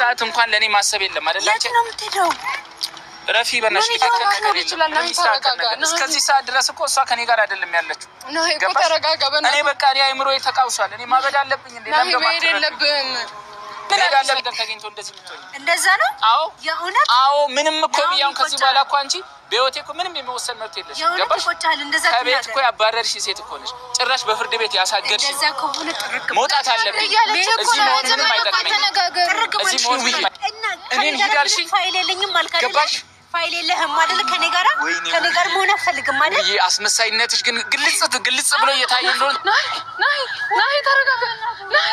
ሰዓት እንኳን ለእኔ ማሰብ የለም አይደል? ረፊ በነሽ እስከዚህ ሰዓት ድረስ እኮ እሷ ከኔ ጋር አይደለም ያለችው። እኔ በቃ እኔ አይምሮ ተቃውሷል። እኔ ማበድ አለብኝ እንደዛ ነው? አዎ የእውነት አዎ። ምንም እኮ ብያውን ከዚህ በኋላ እኮ አንቺ በህይወቴ እኮ ምንም የመወሰን መብት የለሽም። ገባሽ? ከቤት እኮ ያባረርሽ ሴት እኮ ነሽ። ጭራሽ በፍርድ ቤት ያሳገድሽ። መውጣት አለብኝ። እዚህ መሆን ምንም አይጠቅመኝ ፋይል የለህም አይደል? ከኔ ጋራ ከኔ ጋር መሆን አልፈልግም አይደል? አስመሳይነትሽ ግን ግልጽ ግልጽ ብሎ እየታየ እንደሆነ ናይ ናይ ተረጋጋ ናይ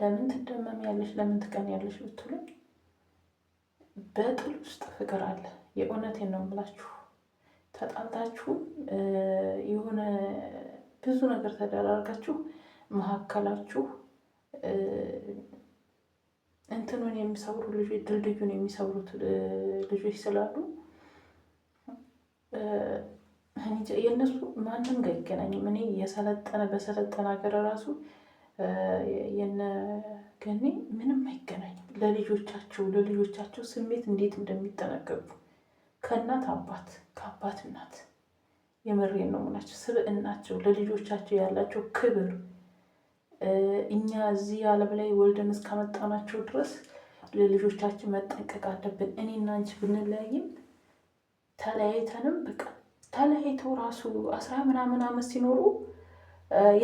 ለምን ትደመም ያለሽ ለምን ትቀን ያለሽ ብትሉኝ፣ በጥል ውስጥ ፍቅር አለ። የእውነቴ ነው የምላችሁ። ተጣልታችሁ የሆነ ብዙ ነገር ተደራርጋችሁ መካከላችሁ እንትኑን የሚሰብሩ ልጆች ድልድዩን የሚሰብሩት ልጆች ስላሉ የእነሱ ማንም ጋር አይገናኝም። እኔ የሰለጠነ በሰለጠነ ሀገር ራሱ የነገኔ ምንም አይገናኝም። ለልጆቻቸው ለልጆቻቸው ስሜት እንዴት እንደሚጠነቀቁ ከእናት አባት ከአባት እናት የመሬን ነው ምናቸው ስብዕናቸው ለልጆቻቸው ያላቸው ክብር እኛ እዚህ ዓለም ላይ ወልደን እስካመጣናቸው ድረስ ለልጆቻችን መጠንቀቅ አለብን። እኔና አንቺ ብንለያይም ተለያይተንም በቃ ተለያይተው ራሱ አስራ ምናምን ዓመት ሲኖሩ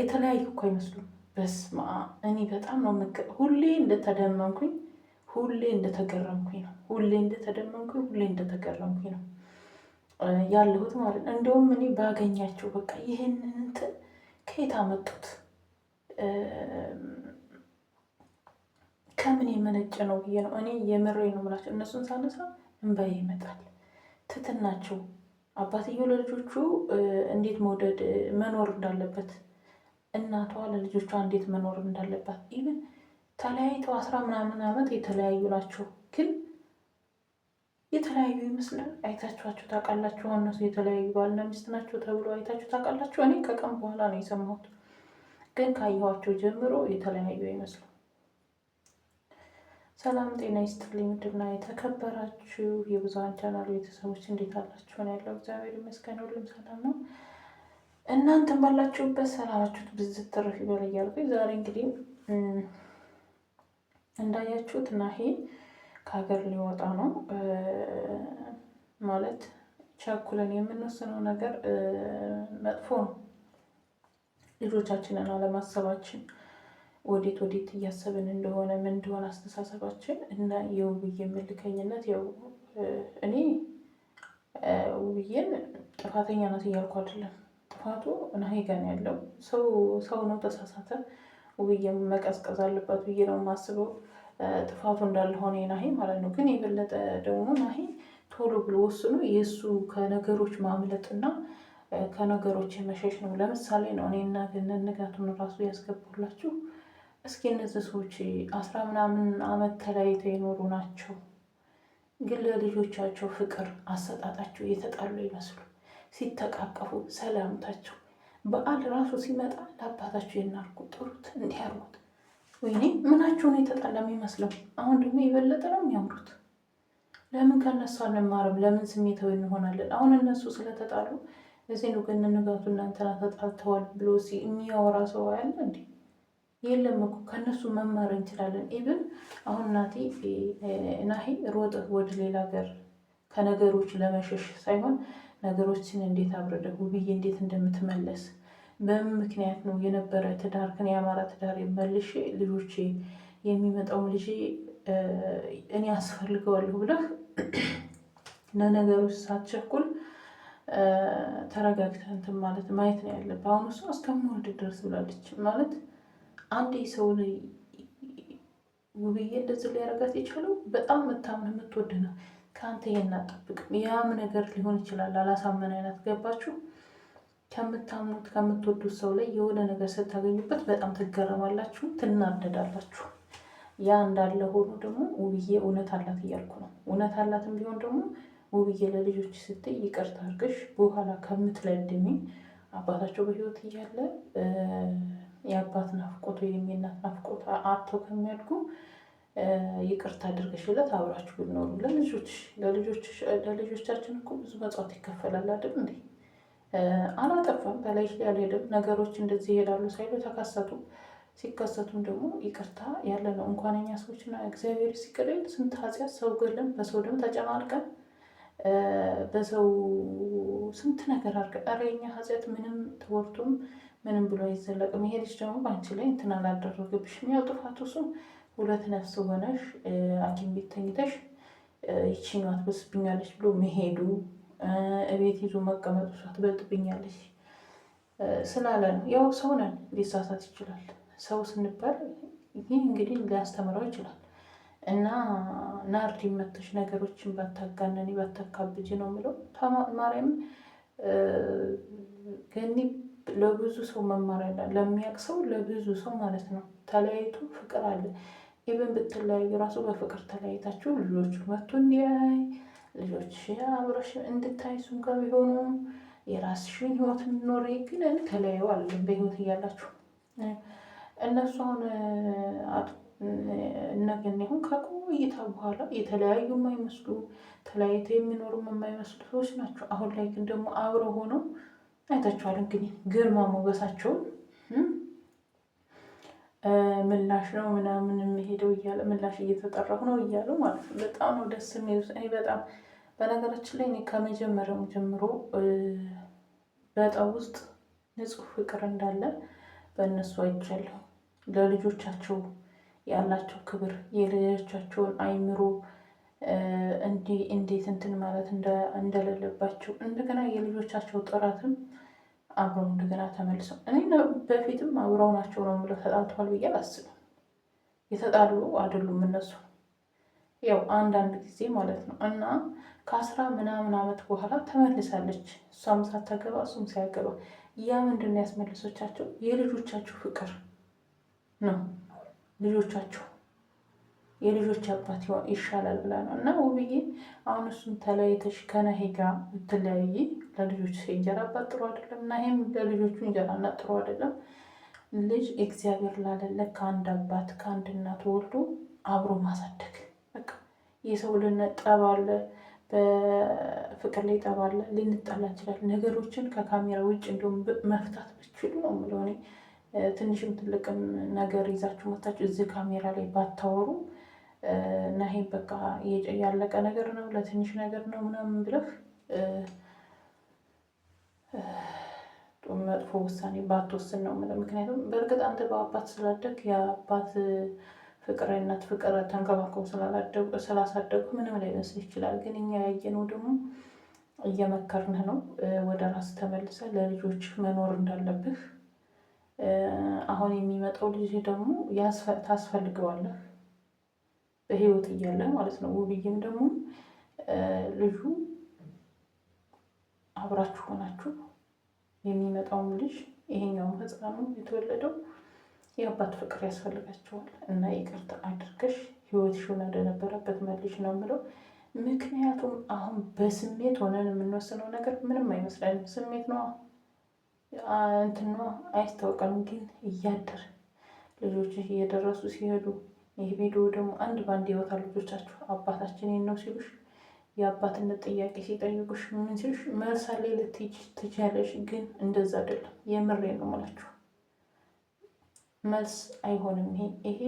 የተለያዩ እኮ አይመስሉም። በስማ እኔ በጣም ነው ሁሌ እንደተደመምኩኝ ሁሌ እንደተገረምኩኝ ነው። ሁሌ እንደተደመምኩኝ ሁሌ እንደተገረምኩኝ ነው ያለሁት ማለት ነው። እንደውም እኔ ባገኛቸው በቃ ይህንን እንትን ከየት አመጡት ከምን የመነጨ ነው ብዬ ነው እኔ የምሬ ነው ምላቸው። እነሱን ሳነሳ እንባዬ ይመጣል። ትትናቸው አባትየው ለልጆቹ እንዴት መውደድ መኖር እንዳለበት እናቷ ለልጆቿ እንዴት መኖር እንዳለባት ኢቭን ተለያይተው አስራ ምናምን ዓመት የተለያዩ ናቸው፣ ግን የተለያዩ ይመስላል። አይታችኋቸው ታውቃላችሁ? እነሱ የተለያዩ ባልና ሚስት ናቸው ተብሎ አይታችሁ ታውቃላችሁ? እኔ ከቀን በኋላ ነው የሰማሁት፣ ግን ካየኋቸው ጀምሮ የተለያዩ ይመስሉ። ሰላም ጤና ይስጥልኝ። ምድና የተከበራችሁ የብዙሃን ቻናል ቤተሰቦች እንዴት አላችሁ? ያለው እግዚአብሔር ይመስገን ሁሉም ሰላም ነው። እናንተም ባላችሁበት ሰላማችሁት ብዝት ትርፍ ይበል ዛሬ እንግዲህ እንዳያችሁት ናሄ ከሀገር ሊወጣ ነው። ማለት ቸኩለን የምንወስነው ነገር መጥፎ ነው። ልጆቻችንን አለማሰባችን ወዴት ወዴት እያሰብን እንደሆነ ምን እንደሆነ አስተሳሰባችን እና የውብዬ ምልከኝነት ያው እኔ ውብዬን ጥፋተኛ ናት እያልኩ አይደለም ጥፋቱ ናሂ ጋር ያለው። ሰው ነው ተሳሳተ ውብዬ መቀዝቀዝ አለበት ብዬ ነው የማስበው። ጥፋቱ እንዳልሆነ ናሂ ማለት ነው። ግን የበለጠ ደግሞ ናሂ ቶሎ ብሎ ወስኖ የእሱ ከነገሮች ማምለጥና ከነገሮች መሸሽ ነው። ለምሳሌ ነው እኔና ግን ንጋቱን ራሱ ያስገቡላችሁ። እስኪ እነዚህ ሰዎች አስራ ምናምን አመት ተለያይተው የኖሩ ናቸው። ግን ለልጆቻቸው ፍቅር አሰጣጣቸው የተጣሉ ይመስሉ ሲተቃቀፉ ሰላምታቸው በዓል ራሱ ሲመጣ ለአባታቸው የናርኩ ጥሩት እንዲህ ያርጉት። ወይኔ ምናቸውን የተጣላ የሚመስለው አሁን ደግሞ የበለጠ ነው የሚያምሩት። ለምን ከነሱ አንማርም? ለምን ስሜታዊ እንሆናለን? አሁን እነሱ ስለተጣሉ እዚህ ነው ግን ንጋቱ እናንተና ተጣልተዋል ብሎ የሚያወራ ሰው ያለ እንዲ? የለም እኮ ከእነሱ መማር እንችላለን። ኢብን አሁን እናቴ ናሂ ሮጥ ወደ ሌላ ሀገር ከነገሮች ለመሸሽ ሳይሆን ነገሮችን እንዴት አብረደ ጉብዬ እንዴት እንደምትመለስ በምን ምክንያት ነው የነበረ ትዳርክን የአማራ ትዳር መልሼ ልጆቼ የሚመጣውም ልጄ እኔ አስፈልገዋለሁ ብለህ ለነገሮች ሳትቸኩል ተረጋግተህ እንትን ማለት ማየት ነው ያለ። በአሁኑ እሷ እስከምወልድ ድረስ ብላለች ማለት አንድ ሰው ውብዬ እንደዚህ ሊያረጋት የቻለው በጣም መታምን የምትወድ ነው። ከአንተ ይህን አጠብቅም። ያም ነገር ሊሆን ይችላል አላሳመን አይነት ገባችሁ። ከምታምኑት ከምትወዱት ሰው ላይ የሆነ ነገር ስታገኙበት በጣም ትገረማላችሁ፣ ትናደዳላችሁ። ያ እንዳለ ሆኖ ደግሞ ውብዬ እውነት አላት እያልኩ ነው። እውነት አላትም ቢሆን ደግሞ ውብዬ ለልጆች ስትይ ይቅርታ አድርግሽ በኋላ ከምትለድሚ አባታቸው በህይወት እያለ የአባት ናፍቆት ወይም የእናት ናፍቆት አጥተው ከሚያድጉ ይቅርታ አድርገሽለት አብራችሁ ብትኖሩ ለልጆቻችን እኮ ብዙ መጽዋት ይከፈላል አይደል እንዴ? አላጠፋም በላይ ያልሄደም ነገሮች እንደዚህ ይሄዳሉ ሳይሉ ተከሰቱ። ሲከሰቱም ደግሞ ይቅርታ ያለ ነው። እንኳን እኛ ሰዎችና እግዚአብሔር ሲቅርል ስንት ኃጢአት ሰው ገለን በሰው ደም ተጨማልቀን በሰው ስንት ነገር አርገ ኧረ የእኛ ኃጢአት ምንም ተወርቶም ምንም ብሎ አይዘለቅም። ይሄ ልጅ ደግሞ በአንቺ ላይ እንትን አላደረገብሽም። ያው ጥፋቱ እሱም ሁለት ነፍስ ሆነሽ ሐኪም ቤት ተኝተሽ ይችኛዋ ትበስብኛለች ብሎ መሄዱ እቤት ይዞ መቀመጡ እሷ ትበልጥብኛለች ስላለ ነው። ያው ሰው ነን፣ ሊሳሳት ይችላል። ሰው ስንባል ይህ እንግዲህ ሊያስተምረው ይችላል እና ናርድ መተሽ ነገሮችን ባታጋነኒ ባታካብጅ ነው የምለው። ማርያም ገኒ ለብዙ ሰው መማር ለሚያቅ ሰው ለብዙ ሰው ማለት ነው ተለያይቱ ፍቅር አለ ኢቨን ብትለያዩ ራሱ በፍቅር ተለያይታችሁ ልጆቹ መቶ እንዲያይ ልጆች አብረሽ እንድታይ እሱም ጋር ቢሆኑ የራስሽን ህይወት ኖሬ ግን ተለያዩ አለም በህይወት እያላችሁ እነሱ አሁን እነገን አሁን ከቆይታ በኋላ የተለያዩ የማይመስሉ ተለያይተ የሚኖሩ የማይመስሉ ሰዎች ናቸው። አሁን ላይ ግን ደግሞ አብረው ሆነው አይታችኋል። እንግዲህ ግርማ ሞገሳቸውን ምላሽ ነው ምናምን የሚሄደው እያለ ምላሽ እየተጠራሁ ነው እያሉ ማለት ነው። በጣም ነው ደስ የሚሉት። እኔ በጣም በነገራችን ላይ እኔ ከመጀመሪያው ጀምሮ በጣም ውስጥ ንጹህ ፍቅር እንዳለ በእነሱ አይቻለሁ። ለልጆቻቸው ያላቸው ክብር፣ የልጆቻቸውን አይምሮ እንዴት እንትን ማለት እንደሌለባቸው እንደገና የልጆቻቸው ጥራትም አብረው እንደገና ተመልሰው እኔ በፊትም አብረው ናቸው ነው የምለው ተጣልተዋል ብዬ አላስብም። የተጣሉ አይደሉም እነሱ ያው አንዳንድ ጊዜ ማለት ነው እና ከአስራ ምናምን ዓመት በኋላ ተመልሳለች እሷም ሳታገባ እሱም ሳያገባ ያ ምንድን ነው ያስመልሶቻቸው የልጆቻችሁ ፍቅር ነው ልጆቻችሁ የልጆች አባት ይሻላል ብላ ነው እና ውብዬ አሁን እሱን ተለያይተሽ ከነሄ ጋር ብትለያይ ለልጆች እንጀራ አባት ጥሩ አይደለም እና ይህም ለልጆቹ እንጀራ እናት ጥሩ አይደለም። ልጅ እግዚአብሔር ላለለ ከአንድ አባት ከአንድ እናት ወልዶ አብሮ ማሳደግ በቃ የሰው ልንጠብ አለ፣ በፍቅር ላይ ጠባለ ልንጠላ ልንጣላ ነገሮችን ከካሜራ ውጭ እንዲሁም መፍታት ብችሉ ነው የምለው እኔ ትንሽም ትልቅም ነገር ይዛችሁ መታችሁ እዚህ ካሜራ ላይ ባታወሩ እና ይሄ በቃ ያለቀ ነገር ነው፣ ለትንሽ ነገር ነው ምናምን ብለህ መጥፎ ውሳኔ ባትወስን ነው ምክንያቱም በእርግጥ አንተ በአባት ስላደግ የአባት ፍቅር እናት ፍቅር ተንከባከቡ ስላሳደጉ ምንም ላይመስልህ ይችላል። ግን እኛ ያየነው ደግሞ እየመከርንህ ነው ወደ ራስ ተመልሰ ለልጆች መኖር እንዳለብህ። አሁን የሚመጣው ልጅ ደግሞ ታስፈልገዋለህ በህይወት እያለ ማለት ነው። ውብዬም ደግሞ ልጁ አብራችሁ ሆናችሁ የሚመጣውም ልጅ ይሄኛውም ህፃኑ የተወለደው የአባት ፍቅር ያስፈልጋቸዋል እና ይቅርታ አድርገሽ ህይወትሽን ወደነበረበት መልሽ ነው የምለው። ምክንያቱም አሁን በስሜት ሆነን የምንወስነው ነገር ምንም አይመስለንም። ስሜት ነዋ እንትን ነዋ፣ አይታወቀንም። ግን እያደር ልጆች እየደረሱ ሲሄዱ ይህ ቪዲዮ ደግሞ አንድ ባንድ የወታ ልጆቻችሁ አባታችን ነው ሲሉሽ የአባትነት ጥያቄ ሲጠይቁሽ ምን ሲሉሽ መልሳ ላይ ትችያለሽ። ግን እንደዛ አይደለም። የምሬ ነው የምላችሁ መልስ አይሆንም። ይሄ ይሄ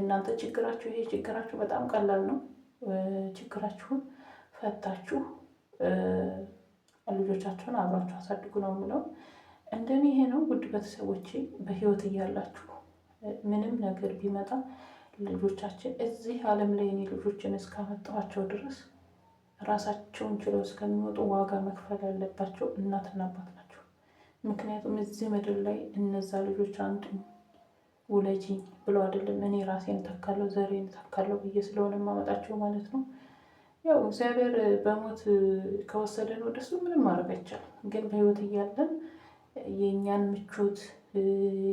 እናንተ ችግራችሁ ይሄ ችግራችሁ በጣም ቀላል ነው። ችግራችሁን ፈታችሁ ልጆቻችሁን አብራችሁ አሳድጉ ነው የምለው። እንደኔ ይሄ ነው ውድ ቤተሰቦቼ በህይወት እያላችሁ ምንም ነገር ቢመጣ ልጆቻችን እዚህ ዓለም ላይ እኔ ልጆችን እስካመጣኋቸው ድረስ ራሳቸውን ችለው እስከሚወጡ ዋጋ መክፈል ያለባቸው እናትና አባት ናቸው። ምክንያቱም እዚህ ምድር ላይ እነዛ ልጆች አንድ ውለጂኝ ብለው አይደለም እኔ ራሴን ተካለው ዘሬን ተካለው ብዬ ስለሆነ የማመጣቸው ማለት ነው። ያው እግዚአብሔር በሞት ከወሰደን ወደሱ ምንም ማድረግ አይቻልም። ግን በህይወት እያለን የእኛን ምቾት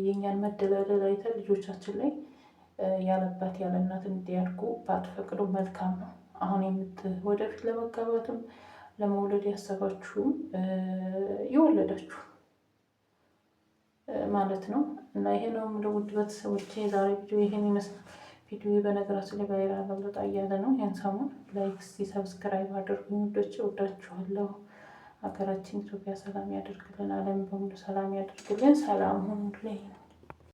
የእኛን መደላደል አይተን ልጆቻችን ላይ ያለባት ያለ እናት እንዲያድጉ ባትፈቅዱ መልካም ነው። አሁን የምት ወደፊት ለመጋባትም ለመውለድ ያሰባችሁም የወለዳችሁ ማለት ነው እና ይሄ ነው የምለው ውድ ቤተሰቦቼ የዛሬ ቪዲዮ ይሄን ይመስላል። ቪዲዮ በነገራችን ላይ ባይራ ለውጣ እያለ ነው። ይህን ሰሞን ላይክ፣ ሰብስክራይብ አድርጉ። ውዶች እወዳችኋለሁ። ሀገራችን ኢትዮጵያ ሰላም ያደርግልን፣ አለም በሙሉ ሰላም ያደርግልን። ሰላም ሁኑ ሁኑልኝ።